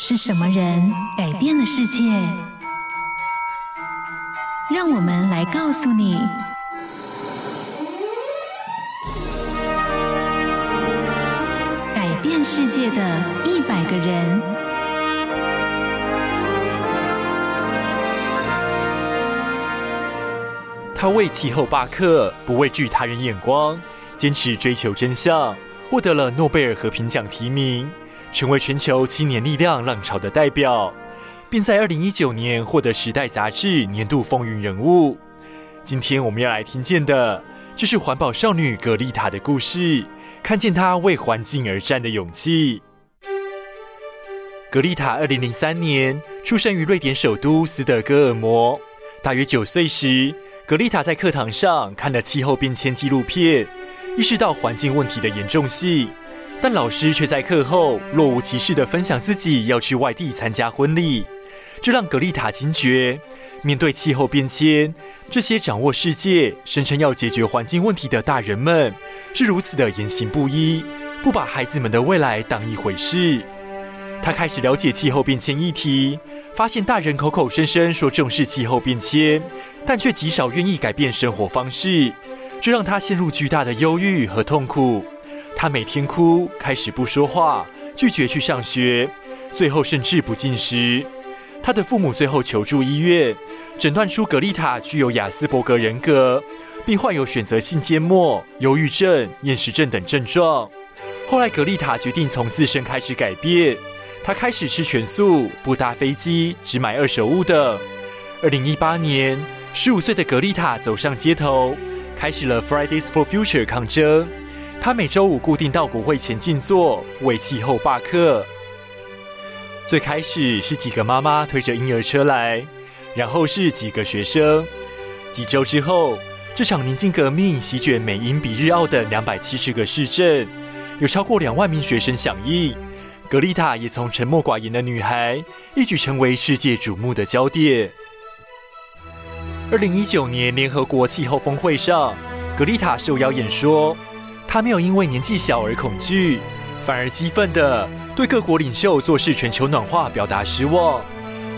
是什麼人改變了世界？讓我們來告訴你：改變世界的一百個人。她為氣候罷課，不畏懼他人眼光，堅持追求真相，獲得了諾貝爾和平獎提名。成為全球青年力量浪潮的代表，並在二零一九年獲得《時代》雜誌年度風雲人物。今天我們要來聽見的，就是環保少女葛莉塔的故事，看見她為環境而戰的勇氣。葛莉塔二零零三年出生於瑞典首都斯德哥爾摩，大約九歲時，葛莉塔在課堂上看了氣候變遷紀錄片，意識到環境問題的嚴重性。但老師卻在課後若無其事地分享自己要去外地參加婚禮，這讓葛莉塔驚覺，面對氣候變遷，這些掌握世界、聲稱要解決環境問題的大人們，是如此的言行不一，不把孩子們的未來當一回事。她開始了解氣候變遷議題，發現大人口口聲聲說重視氣候變遷，但卻極少願意改變生活方式，這讓她陷入巨大的憂鬱和痛苦。他每天哭，開始不說話，拒絕去上學，最後甚至不進食。他的父母最後求助醫院，診斷出格麗塔具有亞斯伯格人格，並患有選擇性緘默、憂鬱症、厭食症等症狀。後來，格麗塔決定從自身開始改變，她開始吃全素，不搭飛機，只買二手物的。二零一八年，十五歲的格麗塔走上街頭，開始了 Fridays for Future 抗爭。她每週五固定到國會前靜坐，為氣候罷課。最開始是幾個媽媽推着嬰兒車來，然後是幾個學生。幾週之後，這場寧靜革命席捲美英比日澳的兩百七十個市鎮，有超過兩萬名學生響應。葛莉塔也從沉默寡言的女孩，一舉成為世界矚目的焦點。二零一九年聯合國氣候峰會上，葛莉塔受邀演說。他沒有因為年紀小而恐懼，反而激憤地對各國領袖做事全球暖化表達失望。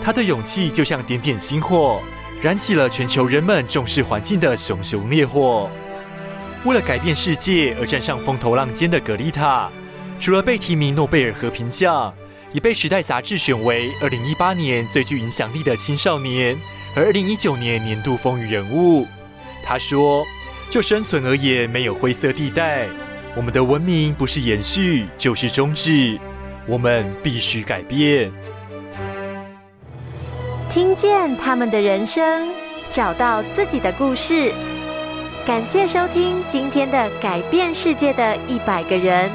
他的勇氣就像點點星火，燃起了全球人們重視環境的熊熊烈火。為了改變世界而站上風頭浪尖的葛莉塔，除了被提名諾貝爾和平獎，也被《時代》雜誌選為二零一八年最具影響力的青少年，和二零一九年年度風雲人物。他說。就生存而言，沒有灰色地帶。我們的文明不是延續，就是終止。我們必須改變。聽見他們的人生，找到自己的故事。感謝收聽今天的《改變世界的一百個人》。